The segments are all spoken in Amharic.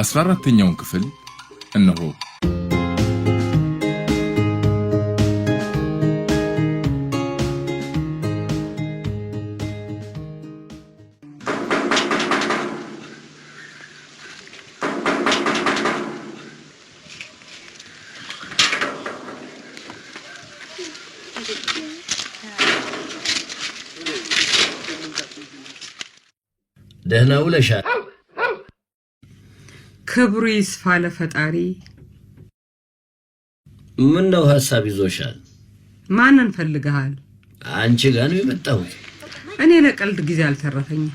أسرار التنيون كفل أنه دهنا ولا شاء ክብሩ ይስፋ ለፈጣሪ። ምን ነው ሀሳብ ይዞሻል? ማንን ፈልገሃል? አንቺ ጋር ነው የመጣሁት። እኔ ለቀልድ ጊዜ አልተረፈኝም።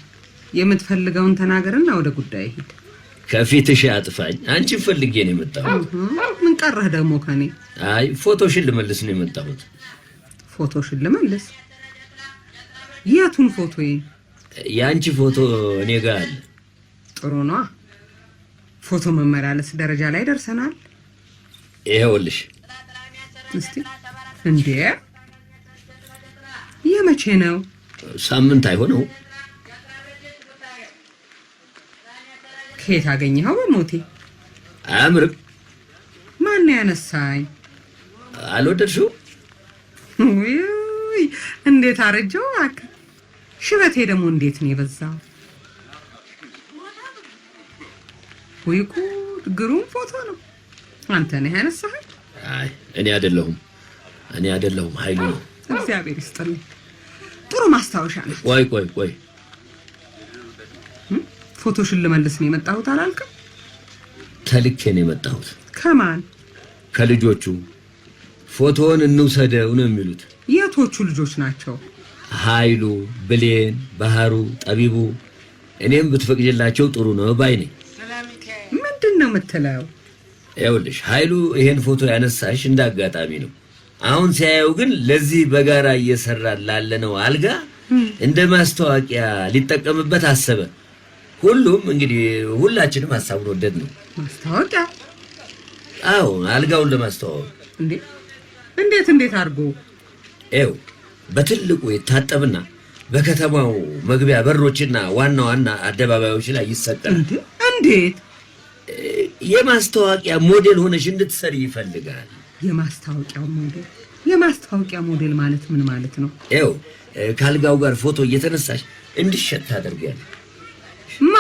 የምትፈልገውን ተናገርና ወደ ጉዳይ ሂድ። ከፊትሽ አጥፋኝ። አንቺ ፈልጌ ነው የመጣሁት። ምን ቀረህ ደግሞ ከኔ? አይ ፎቶሽን ልመልስ ነው የመጣሁት። ፎቶሽን ልመልስ? የቱን ፎቶ? የአንቺ ፎቶ እኔ ጋር አለ። ጥሩ ነዋ። ፎቶ መመላለስ ደረጃ ላይ ደርሰናል። ይኸውልሽ እስቲ እንዴ የመቼ ነው? ሳምንት አይሆነው። ከየት አገኘኸው? በሞቴ አያምርም። ማን ያነሳኝ? አልወደድሽውም? ውይ እንዴት አረጀው! ሽበቴ ደግሞ እንዴት ነው የበዛው! ወይ ጉድ! ግሩም ፎቶ ነው። አንተ ነህ ያነሳኸው? አይ እኔ አይደለሁም፣ እኔ አይደለሁም፣ ኃይሉ ነው። እግዚአብሔር ይስጥልኝ። ጥሩ ማስታወሻ ነው። ወይ ቆይ ቆይ፣ ፎቶሽን ልመልስ ነው የመጣሁት አላልክም? ተልኬ ነው የመጣሁት። ከማን? ከልጆቹ። ፎቶውን እንውሰደው ነው የሚሉት። የቶቹ ልጆች ናቸው? ኃይሉ፣ ብሌን፣ ባህሩ፣ ጠቢቡ። እኔም ብትፈቅጅላቸው ጥሩ ነው ባይ ነኝ። ነው የምትለው? ይኸውልሽ ኃይሉ ይሄን ፎቶ ያነሳሽ እንደ አጋጣሚ ነው። አሁን ሲያየው ግን ለዚህ በጋራ እየሰራ ላለነው አልጋ እንደ ማስታወቂያ ሊጠቀምበት አሰበ። ሁሉም እንግዲህ ሁላችንም ሀሳቡን ወደድ ነው። ማስታወቂያ? አዎ አልጋውን ለማስተዋወቅ። እንዴ! እንዴት እንዴት አድርጎ? ኤው በትልቁ ይታጠብና በከተማው መግቢያ በሮችና ዋና ዋና አደባባዮች ላይ ይሰቀላል። እንዴት የማስታወቂያ ሞዴል ሆነሽ እንድትሰሪ ይፈልጋል። የማስታወቂያ ሞዴል የማስታወቂያ ሞዴል ማለት ምን ማለት ነው? ይኸው ካልጋው ጋር ፎቶ እየተነሳሽ እንድሸጥ ታደርጊያለሽ። ማ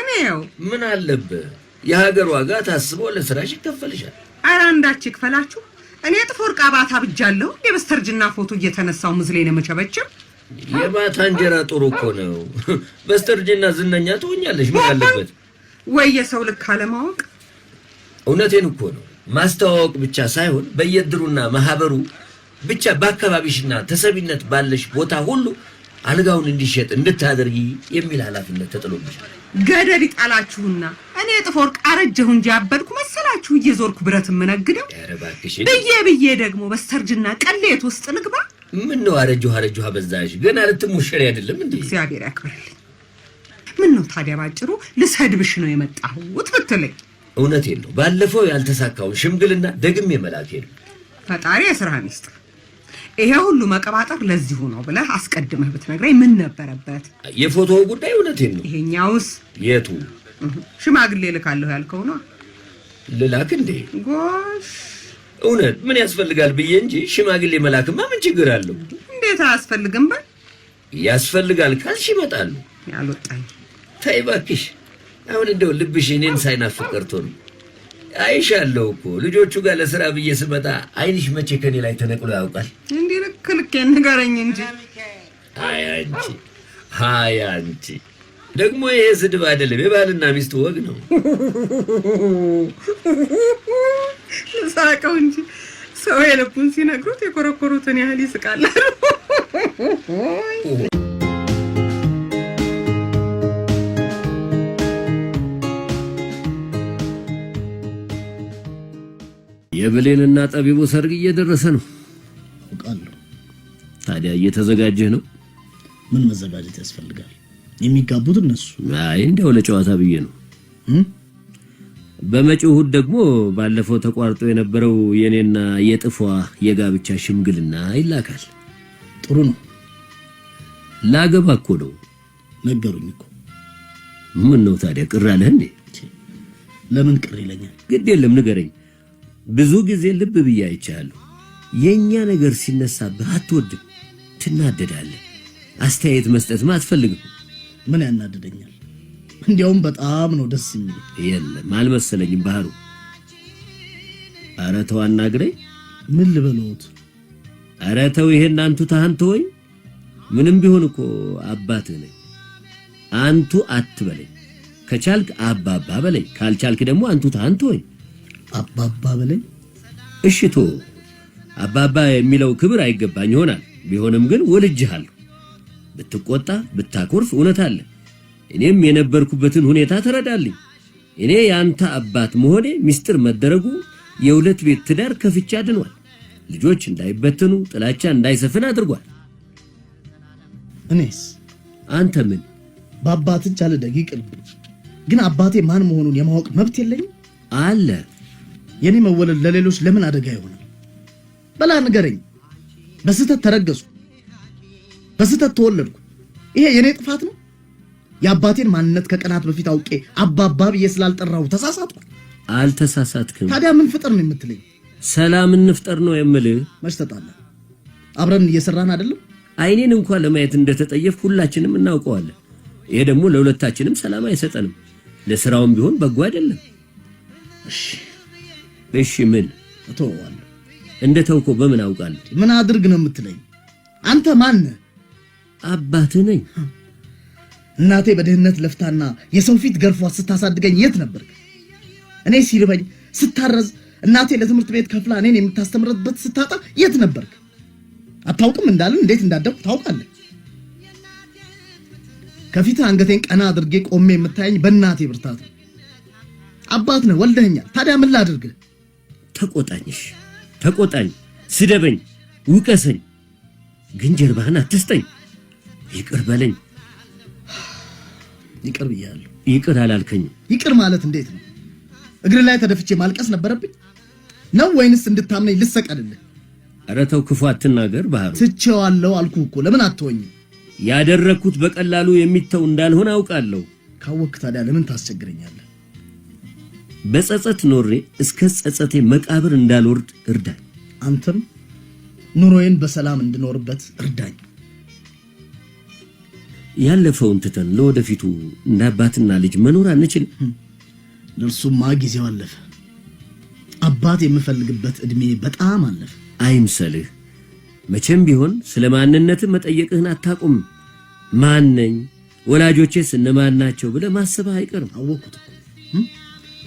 እኔው ምን አለብህ? የሀገር ዋጋ ታስቦ ለስራሽ ይከፈልሻል። ኧረ አንዳች ይክፈላችሁ። እኔ ጥፎ ወርቅ አባታ ብጃለሁ። የበስተርጅና ፎቶ እየተነሳው ምስሌን መቸበችም የባታ እንጀራ ጥሩ እኮ ነው። በስተርጅና ዝነኛ ትሆኛለሽ። ምን አለበት? ወይ የሰው ልክ አለማወቅ። እውነቴን እኮ ነው። ማስተዋወቅ ብቻ ሳይሆን በየእድሩና ማህበሩ ብቻ በአካባቢሽና ተሰቢነት ባለሽ ቦታ ሁሉ አልጋውን እንዲሸጥ እንድታደርጊ የሚል ኃላፊነት ተጥሎብሽ ገደብ ይጣላችሁና እኔ የጥፎ ወርቅ አረጀሁ እንጂ አበድኩ መሰላችሁ? እየዞርኩ ብረት የምነግደው ብዬ ብዬ ደግሞ በስተርጅና ቅሌት ውስጥ ንግባ። ምን ነው አረጀሁ አረጀሁ በዛሽ። ገና ልትሞሸሪ አይደለም እንዴ? እግዚአብሔር ያክብርልኝ። ምን ነው ታዲያ ባጭሩ ልሰድብሽ ነው የመጣሁት ብትለኝ እውነት የለው። ባለፈው ያልተሳካውን ሽምግልና ደግም የመላክ የለ። ፈጣሪ የስራ ይስጥህ። ይሄ ሁሉ መቀባጠር ለዚሁ ነው ብለህ አስቀድመህ ብትነግረኝ ምን ነበረበት? የፎቶው ጉዳይ እውነቴን ነው። ይሄኛውስ የቱ ሽማግሌ ልካለሁ ያልከው ነው። ልላክ እንዴ? ጎሽ እውነት ምን ያስፈልጋል ብዬ እንጂ ሽማግሌ መላክማ ምን ችግር አለው? እንዴት አያስፈልግም? በል ያስፈልጋል ካልሽ ይመጣሉ። ያልወጣኝ ተይ እባክሽ። አሁን እንደው ልብሽ እኔን ሳይናፍቅ ቀርቶ ነው። አይሻለሁ እኮ ልጆቹ ጋር ለስራ ብዬ ስመጣ አይንሽ መቼ ከኔ ላይ ተነቅሎ ያውቃል? እንዲህ ልክ ልክ ንገረኝ እንጂ። አይ አንቺ፣ አይ አንቺ ደግሞ ይሄ ስድብ አይደለም፣ የባልና ሚስት ወግ ነው። ሳቀው እንጂ ሰው የልቡን ሲነግሩት የኮረኮሩትን ያህል ይስቃል። የብሌንና ጠቢቡ ሰርግ እየደረሰ ነው። አውቃለሁ። ታዲያ እየተዘጋጀህ ነው? ምን መዘጋጀት ያስፈልጋል? የሚጋቡት እነሱ። አይ እንዲያው ለጨዋታ ብዬ ነው። በመጪው ደግሞ ባለፈው ተቋርጦ የነበረው የኔና የጥፏ የጋብቻ ሽምግልና ይላካል። ጥሩ ነው። ላገባ እኮ ነው ነገሩኝ እኮ። ምን ነው ታዲያ ቅር አለህ እንዴ? ለምን ቅር ይለኛል? ግድ የለም ንገረኝ። ብዙ ጊዜ ልብ ብዬ አይቻለሁ። የእኛ ነገር ሲነሳብህ አትወድም፣ ትናደዳለህ። አስተያየት መስጠትም አትፈልግም። ምን ያናደደኛል? እንዲያውም በጣም ነው ደስ የሚል። የለም አልመሰለኝም። ባህሩ ኧረ ተው አናግረኝ። ምን ልበለዎት? ኧረ ተው ይሄን አንቱ ታህንቱ ወይ ምንም ቢሆን እኮ አባትህ ነኝ። አንቱ አትበለኝ። ከቻልክ አባባ በለኝ፣ ካልቻልክ ደግሞ አንቱ ታህንቱ ወይ አባባ በለኝ። እሽቶ አባባ የሚለው ክብር አይገባኝ ይሆናል። ቢሆንም ግን ወልጅሃል። ብትቆጣ ብታኮርፍ እውነት አለ። እኔም የነበርኩበትን ሁኔታ ትረዳልኝ። እኔ የአንተ አባት መሆኔ ሚስጥር መደረጉ የሁለት ቤት ትዳር ከፍቻ አድኗል። ልጆች እንዳይበትኑ፣ ጥላቻ እንዳይሰፍን አድርጓል። እኔስ አንተ ምን በአባት እጅ አለ ደቂቅ ግን አባቴ ማን መሆኑን የማወቅ መብት የለኝም አለ የኔ መወለድ ለሌሎች ለምን አደጋ ይሆናል? በላ ንገረኝ። በስህተት ተረገዝኩ፣ በስህተት ተወለድኩ። ይሄ የኔ ጥፋት ነው? የአባቴን ማንነት ከቀናት በፊት አውቄ አባባ ብዬ ስላልጠራሁ ተሳሳትኩ? አልተሳሳትክም። ታዲያ ምን ፍጠር ነው የምትለኝ? ሰላም እንፍጠር ነው የምልህ። መች ተጣላ? አብረን እየሰራን አይደለም? አይኔን እንኳን ለማየት እንደተጠየፍ ሁላችንም እናውቀዋለን። ይሄ ደግሞ ለሁለታችንም ሰላም አይሰጠንም። ለስራውም ቢሆን በጎ አይደለም። እሺ እሺ ምን እተወዋለሁ። እንደ ተውኮ በምን አውቃለሁ? ምን አድርግ ነው የምትለኝ? አንተ ማን? አባትህ ነኝ። እናቴ በድህነት ለፍታና የሰው ፊት ገርፏ ስታሳድገኝ የት ነበርክ? እኔ ሲርበኝ ስታረዝ እናቴ ለትምህርት ቤት ከፍላ እኔን የምታስተምርበት ስታጣ የት ነበርክ? አታውቅም እንዳልን እንዴት እንዳደግኩ ታውቃለህ። ከፊት አንገቴን ቀና አድርጌ ቆሜ የምታየኝ በእናቴ ብርታት ነው። አባት ነህ፣ ወልደኸኛል። ታዲያ ምን ላድርግህ? ተቆጣኝሽ፣ ተቆጣኝ፣ ስደበኝ፣ ውቀሰኝ፣ ግን ጀርባህን አትስጠኝ። ይቅር በለኝ። ይቅር ብያለሁ። ይቅር አላልከኝ። ይቅር ማለት እንዴት ነው? እግር ላይ ተደፍቼ ማልቀስ ነበረብኝ ነው ወይንስ እንድታምነኝ ልሰቀልልህ? ኧረ ተው ክፉ አትናገር ባህሩ። ትቼዋለሁ አልኩህ እኮ ለምን አትወኝ? ያደረግኩት በቀላሉ የሚተው እንዳልሆነ አውቃለሁ። ካወቅህ ታዲያ ለምን ታስቸግረኛለህ? በጸጸት ኖሬ እስከ ጸጸቴ መቃብር እንዳልወርድ እርዳኝ። አንተም ኑሮዬን በሰላም እንድኖርበት እርዳኝ። ያለፈውን ትተን ለወደፊቱ እንደ አባትና ልጅ መኖር አንችል? ለእርሱማ ጊዜው አለፈ። አባት የምፈልግበት እድሜ በጣም አለፈ። አይምሰልህ። መቼም ቢሆን ስለ ማንነትህ መጠየቅህን አታቁም። ማን ነኝ፣ ወላጆቼስ እነማን ናቸው ብለህ ማሰብህ አይቀርም። አወቅኩት።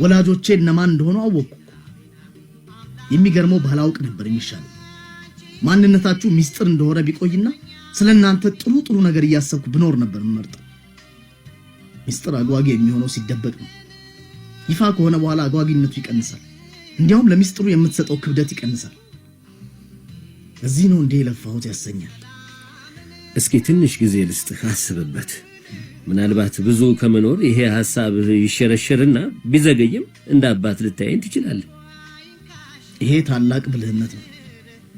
ወላጆቼ እነማን እንደሆኑ አወቅኩ። የሚገርመው ባላውቅ ነበር የሚሻለው። ማንነታችሁ ሚስጥር እንደሆነ ቢቆይና ስለ እናንተ ጥሩ ጥሩ ነገር እያሰብኩ ብኖር ነበር ምመርጥ። ሚስጥር አጓጊ የሚሆነው ሲደበቅ ነው። ይፋ ከሆነ በኋላ አጓጊነቱ ይቀንሳል። እንዲያውም ለሚስጥሩ የምትሰጠው ክብደት ይቀንሳል። እዚህ ነው እንዲህ የለፋሁት ያሰኛል። እስኪ ትንሽ ጊዜ ልስጥህ፣ አስብበት። ምናልባት ብዙ ከመኖር ይሄ ሀሳብ ይሸረሸርና ቢዘገይም እንደ አባት ልታየን ትችላለህ። ይሄ ታላቅ ብልህነት ነው።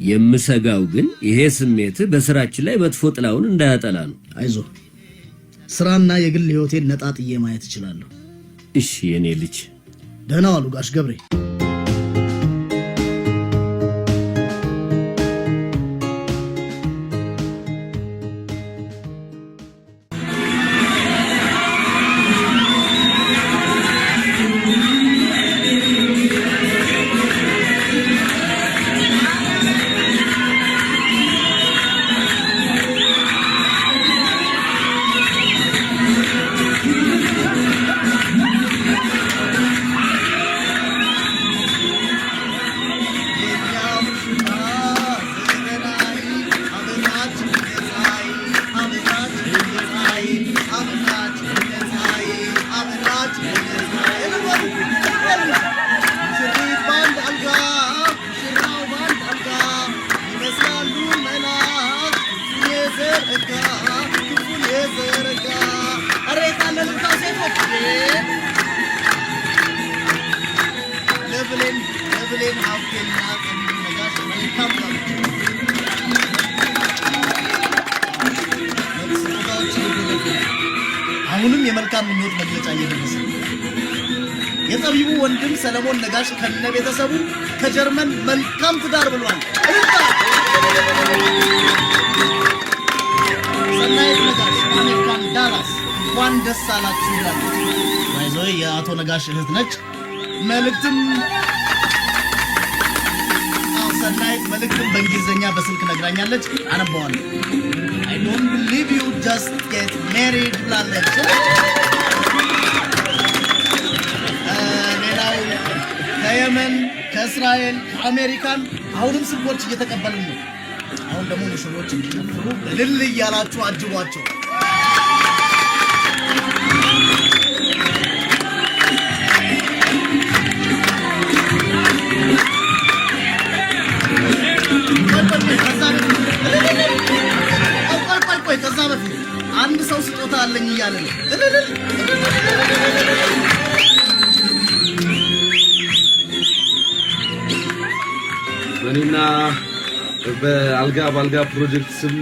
የምሰጋው ግን ይሄ ስሜት በስራችን ላይ መጥፎ ጥላውን እንዳያጠላ ነው። አይዞ፣ ስራና የግል ህይወቴን ነጣጥዬ ማየት እችላለሁ። እሺ የኔ ልጅ። ደህና ዋሉ ጋሽ ገብሬ። ጠቢቡ ወንድም ሰለሞን ነጋሽ ከነ ቤተሰቡ ከጀርመን መልካም ትዳር ብሏል። ሰናይት ነጋሽ አሜሪካን ዳላስ እንኳን ደስ አላችሁ ይላል። የአቶ ነጋሽ እህት ነች። መልእክትም ሰናይት መልእክትም በእንግሊዝኛ በስልክ ነግራኛለች። አነበዋለሁ። አይ ዶንት ቢሊቭ ዩ ጀስት ጌት ሜሪድ ብላለች። ከየመን ከእስራኤል ከአሜሪካን አሁንም ስልኮች እየተቀበልን ነው። አሁን ደግሞ ሙሽሮች እንዲጨፍሩ እልል እያላችሁ አጅቧቸው። ቆይ ከዛ በፊት አንድ ሰው ስጦታ አለኝ እያለ ነው። በእኔና በአልጋ በአልጋ ፕሮጀክት ስም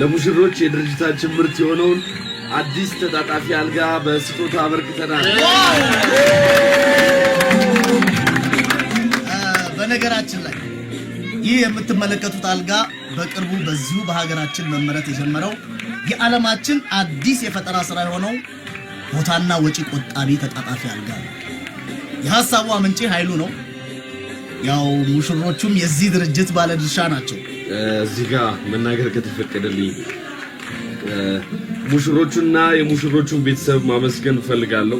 ለሙሽሮች የድርጅታችን ምርት የሆነውን አዲስ ተጣጣፊ አልጋ በስጦታ አበርክተናል። በነገራችን ላይ ይህ የምትመለከቱት አልጋ በቅርቡ በዚሁ በሀገራችን መመረት የጀመረው የዓለማችን አዲስ የፈጠራ ስራ የሆነው ቦታና ወጪ ቆጣቢ ተጣጣፊ አልጋ ነው። የሀሳቡ አምንጭ ኃይሉ ነው። ያው ሙሽሮቹም የዚህ ድርጅት ባለድርሻ ናቸው። እዚህ ጋ መናገር ከተፈቀደልኝ ሙሽሮቹና የሙሽሮቹን ቤተሰብ ማመስገን እፈልጋለሁ።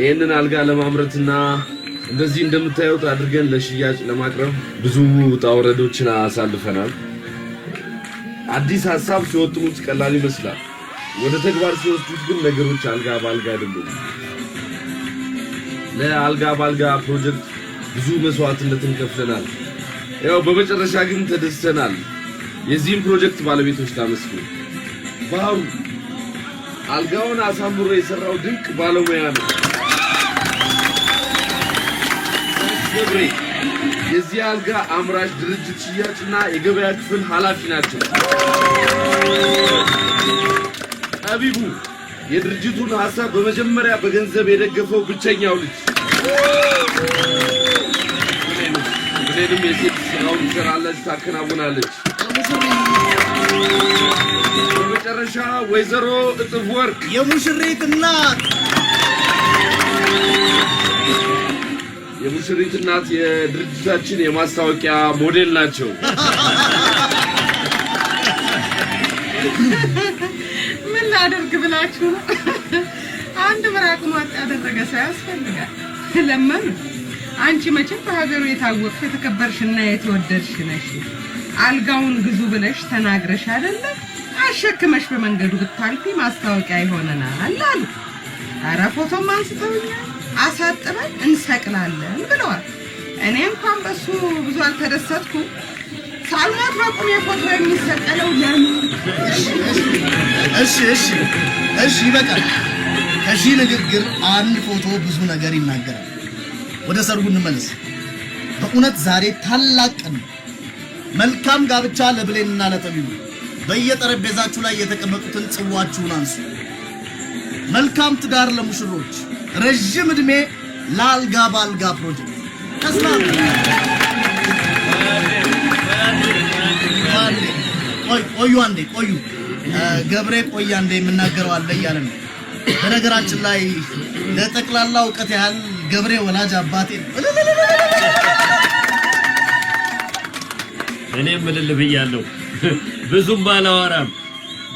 ይህንን አልጋ ለማምረትና እንደዚህ እንደምታዩት አድርገን ለሽያጭ ለማቅረብ ብዙ ውጣ ውረዶችን አሳልፈናል። አዲስ ሀሳብ ሲወጥሙት ቀላል ይመስላል። ወደ ተግባር ሲወስዱት ግን ነገሮች አልጋ በአልጋ አይደሉም። ለአልጋ በአልጋ ፕሮጀክት ብዙ መስዋዕትነትን ከፍለናል። ያው በመጨረሻ ግን ተደስተናል። የዚህም ፕሮጀክት ባለቤቶች ላመስግን። ባህሩ አልጋውን አሳምሮ የሰራው ድንቅ ባለሙያ ነው። ገብሬ የዚህ አልጋ አምራች ድርጅት ሽያጭና የገበያ ክፍል ኃላፊ ናቸው። ጠቢቡ የድርጅቱን ሀሳብ በመጀመሪያ በገንዘብ የደገፈው ብቸኛው ልጅ ሁሌንም የሴት ስራውን ትሰራለች፣ ታከናውናለች። በመጨረሻ ወይዘሮ እጥፍ ወርቅ የሙሽሪት እናት የሙሽሪት እናት የድርጅታችን የማስታወቂያ ሞዴል ናቸው። ምን ላደርግ ብላችሁ አንድ ምራቅ ማጥ ያደረገ ሰው ያስፈልጋል። ለመኑ አንቺ መቼም በሀገሩ የታወቅሽ እና የተወደድሽ ነሽ። አልጋውን ግዙ ብለሽ ተናግረሽ አይደለ? አሸክመሽ በመንገዱ ብታልፊ ማስታወቂያ ይሆነናል አሉ። አረ ፎቶም አንስተውኛል፣ አሳጥበን እንሰቅላለን ብለዋል። እኔ እንኳን በሱ ብዙ አልተደሰትኩ! ሳልሞት በቁም ፎቶ የሚሰቀለው ለምን? እሺ እሺ እሺ፣ ይበቃል። ከዚህ ንግግር አንድ ፎቶ ብዙ ነገር ይናገራል። ወደ ሰርጉ እንመለስ። በእውነት ዛሬ ታላቅ ቀን። መልካም ጋብቻ ለብሌንና ለጠቢቡ። በየጠረጴዛችሁ ላይ የተቀመጡትን ጽዋችሁን አንሱ። መልካም ትዳር ለሙሽሮች፣ ረዥም ዕድሜ ለአልጋ በአልጋ ፕሮጀክት ቆዩ አንዴ ቆዩ። ገብሬ ቆይ አንዴ የምናገረው አለ እያለ ነው። በነገራችን ላይ ለጠቅላላ እውቀት ያህል ገብሬ ወላጅ አባቴ እኔም እልል ብያለሁ። ብዙም አላወራም።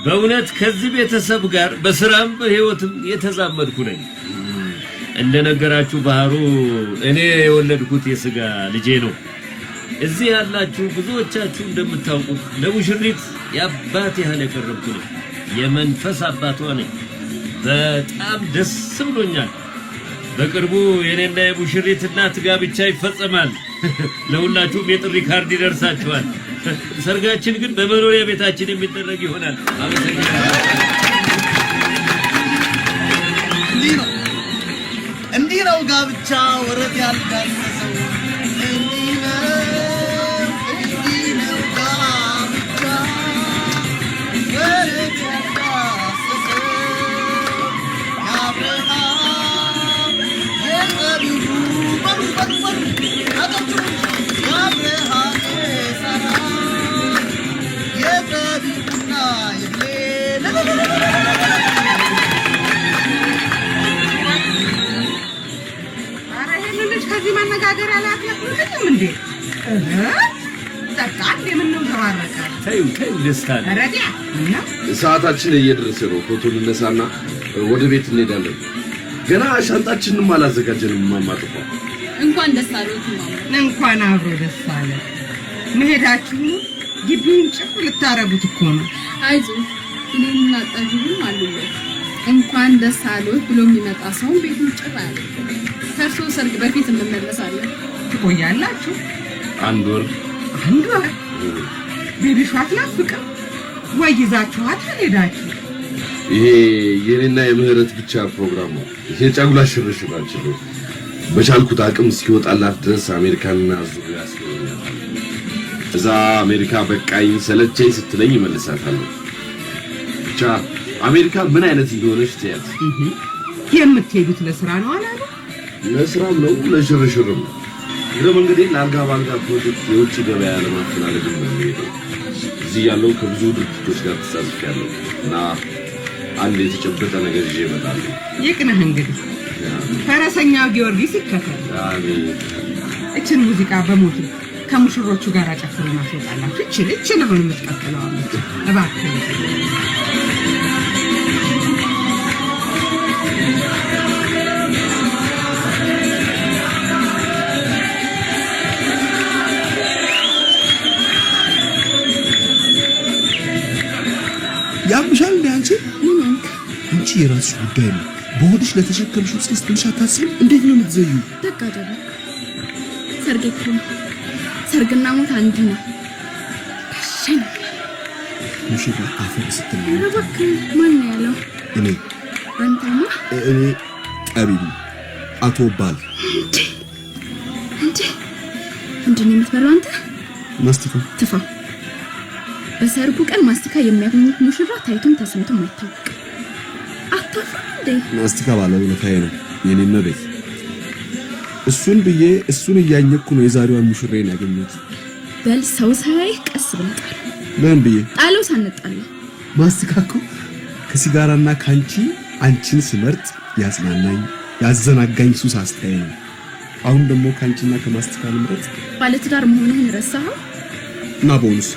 በእውነት ከዚህ ቤተሰብ ጋር በስራም በህይወትም የተዛመድኩ ነኝ። እንደነገራችሁ ባህሩ እኔ የወለድኩት የስጋ ልጄ ነው። እዚህ ያላችሁ ብዙዎቻችሁ እንደምታውቁት ለሙሽሪት የአባት ያህል የቀረብኩ ነኝ። የመንፈስ አባቷ ነኝ። በጣም ደስ ብሎኛል። በቅርቡ የኔና የሙሽሪት እናት ጋብቻ ይፈጸማል። ለሁላችሁም የጥሪ ካርድ ይደርሳችኋል። ሰርጋችን ግን በመኖሪያ ቤታችን የሚደረግ ይሆናል። አመሰግናለሁ። እንዲህ ነው ጋብቻ ወረት ያልጋል። ይመስላል። ሰዓታችን እየደረሰ ነው። ፎቶ ልነሳና ወደ ቤት እንሄዳለን። ገና ሻንጣችንም አላዘጋጀንም። ማማጥፋ እንኳን ደስ አሉት። እንኳን አብሮ ደስ አለ። መሄዳችሁ ግቢውን ጭቁ ልታረጉት እኮ ነው። አይዞ እኔና ጠጅሁም አሉለት። እንኳን ደስ አሉት ብሎ የሚመጣ ሰው ቤቱን ጭር አለ። ከእርሶ ሰርግ በፊት እንመለሳለን። ትቆያላችሁ? አንድ ወር አንድ ወር ቤቢሿ አትናፍቅም? ወይ ይዛችኋት ሄዳችሁ። ይሄ የኔና የምህረት ብቻ ፕሮግራም ነው። የጫጉላ ሽርሽር አልችልም። በቻልኩት አቅም እስኪወጣላት ድረስ አሜሪካንና ዙሪያ እዛ አሜሪካ በቃኝ ሰለቸኝ ስትለኝ እመልሳታለሁ። ብቻ አሜሪካ ምን አይነት እንደሆነች ትያት። የምትሄዱት ለስራ ነው አላለ? ለስራም ነው ለሽርሽርም ነው ይህም እንግዲህ ለአልጋ በአልጋ ፕሮጀክት የውጭ ገበያ ለማስተናገድ ነው የሚሄደው። እዚህ ያለው ከብዙ ድርጅቶች ጋር ተሳትፍ ያለው እና አንድ የተጨበጠ ነገር ይዤ እመጣለሁ። ይቅንህ እንግዲህ ፈረሰኛው ጊዮርጊስ ይከተል። እችን ሙዚቃ በሞቱ ከሙሽሮቹ ጋር አጨፍሮ ማስወጣላችሁ። እችን እችን ነው የምትቀጥለው። እባክህ የራስሽ ጉዳይ ነው። በሆድሽ ለተሸከምሽው ውስጥ ትንሽ አታስቢም? እንዴት ነው የምትዘዩ? በቃ ደግሞ ሰርግ እኮ ሰርግና ሞት አንድ ነው። ሙሽራ አፈር ስትል እባክህ። ማን ነው ያለው? እኔ። አንተማ? እኔ ጠቢቡ አቶ ባል እንዴ! ምንድን ነው አንተ? ማስቲካ ትፋ። በሰርጉ ቀን ማስቲካ የሚያገኙት ሙሽራ ታይቶም ተሰምቶም አይታወቅም። ናስቲካ ባለው ለካዬ ነው የኔም ቤት እሱን ብዬ እሱን እያኘኩ ነው የዛሬዋን ሙሽሬን ያገኘት። በል ሰው ሳያይህ ቀስ ብለህ ጣል። ለምን ብዬ ጣለው? ሳንጣለ ማስቲካ ከሲጋራና ከአንቺ አንቺን ስመርጥ ያጽናናኝ ያዘናጋኝ ሱስ አስተያየ ነው። አሁን ደግሞ ከአንቺና ከማስቲካ ልምረጥ። ባለትዳር መሆንህን ረሳኸው? እና በሆኑስ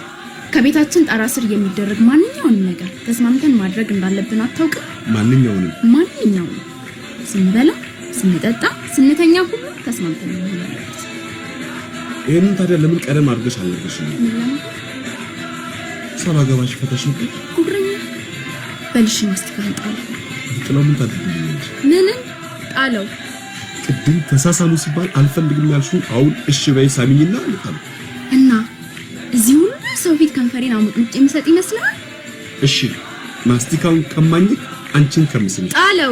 ከቤታችን ጣራ ስር የሚደረግ ማንኛውንም ነገር ተስማምተን ማድረግ እንዳለብን አታውቅም? ማንኛውንም ማንኛውንም ስንበላ፣ ስንጠጣ፣ ስንተኛ ሁሉ ተስማምተን መሆን አለበት። ታዲያ ለምን ቀደም አድርገሽ አልነገርሽ? ሳላገባሽ ፈተሽን ጉብረኛ በልሽ ማስተካከል ጣለ ጥለው ምን ታደርግልኛለሽ? ምንም ጣለው። ቅድም ተሳሳሙ ሲባል አልፈልግም ያልሽው አሁን እሺ በይ ሳሚኝና ልታል እና እዚህ ሁሉ ሰው ፊት ከንፈሬን አሙጥ ምጭ የምሰጥ ይመስልሃል? እሺ ማስቲካውን ከማኝክ አንቺን ከምስል ጣለው